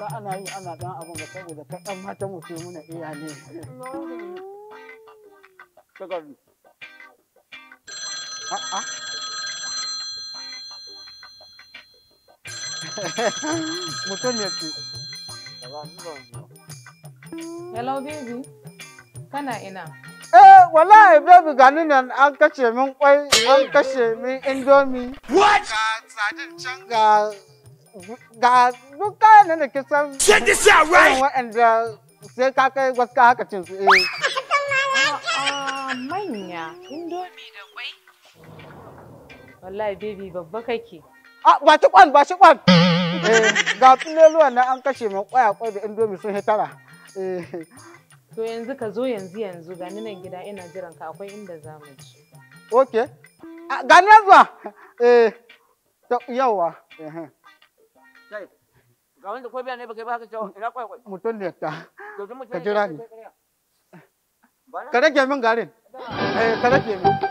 ba ana yi ana dan abin ga saboda ka dan mata mu sai muna iya ne a mutum ne ce hello baby kana ina Eh, wallahi baby gani nan an kashe min kwai, an kashe min indomi. What? Ga sadin can ga ga duk kayan nan da ke san check this out right waɗanda sai ka kai wasu ka haka cin su eh ah, manya indomi da kwai wallahi baby babba kake a ah, ba shi kwan ba shi kwan eh, ga fileluwan nan an kashe mai kwaya kwai da indomi sun hitara eh. to yanzu ka zo yanzu yanzu ga nan gida ina jiran ka akwai inda za mu ci okay ah, ga nan zuwa eh yawa kai ba ina mutum ne ta ka jira min garin min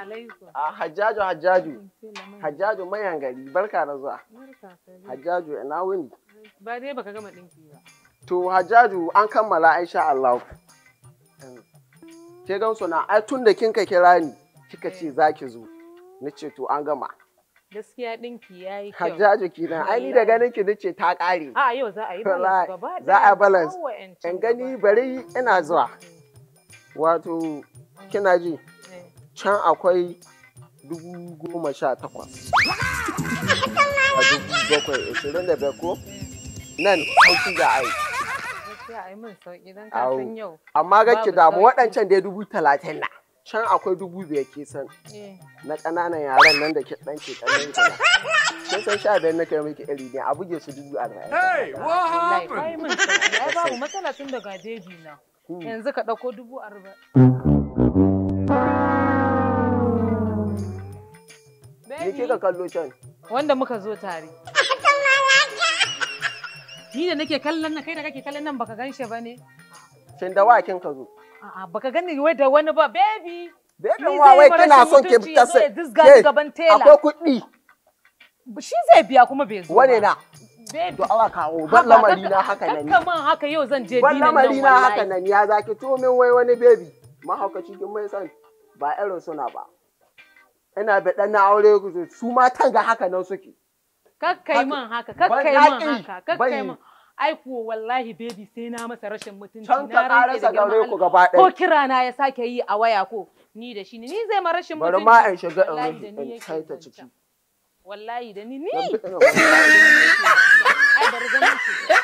alaikum. Ah, Hajjaju Hajjaju. Hajjaju mayan gari barka da zuwa. Hajjaju ina wuni. Ba dai baka gama ɗinki ba. To Hajjaju an kammala Aisha Allah. Ke gan suna ai tun da kinka kira ni kika ce eh. za ki zo. na ce to an gama. Gaskiya ɗinki ya yi kyau. Hajjaju kina ai ni da ganin ki ce ta ƙare. A yau za a yi balance gaba Za a balance. In gani bari ina zuwa. Wato kina ji. can akwai dubu goma sha takwas a dubu bakwai ashirin da biyar ko nan sauki ga ai amma ga ki damu waɗancan dai dubu talatin na can akwai dubu biyar ke san eh. na ƙananan yaran nan da ke ɗan ke ƙanin kana san sha biyar na kai miki iri ne a buge su dubu arba'in hey what happened ai ba mu matsala tun daga gajeji na hmm. yanzu ka ɗauko dubu arba'in ka kallo can? Wanda muka zo tare. Ni da nake kallon nan kai da kake kallon nan baka ganshi ba ne? Shin da wakin ka zo? A'a baka gani wai da wani ba baby. Baby wa wai kina son ki fita sai. Akwai kuɗi. Shi zai biya kuma bai zo. Wane na? To Allah kawo ban lamari na haka nan. Kaman haka yau zan je dinin nan wallahi. Ban lamari na haka nan ya zaki to min wai wani baby. Mahaukaci kin mai san ba irin suna ba. ina da na aure su matan ga haka nan suke kakkai man haka kakkai man haka kakkai man ai kuwa wallahi baby sai na masa rashin mutunci na rantsa da gaure ku gaba ɗaya ko kira na ya sake yi a waya ko ni da shi ni zai ma rashin mutunci bari ma in shiga in kai ta ciki wallahi da ni ni ai bari ganin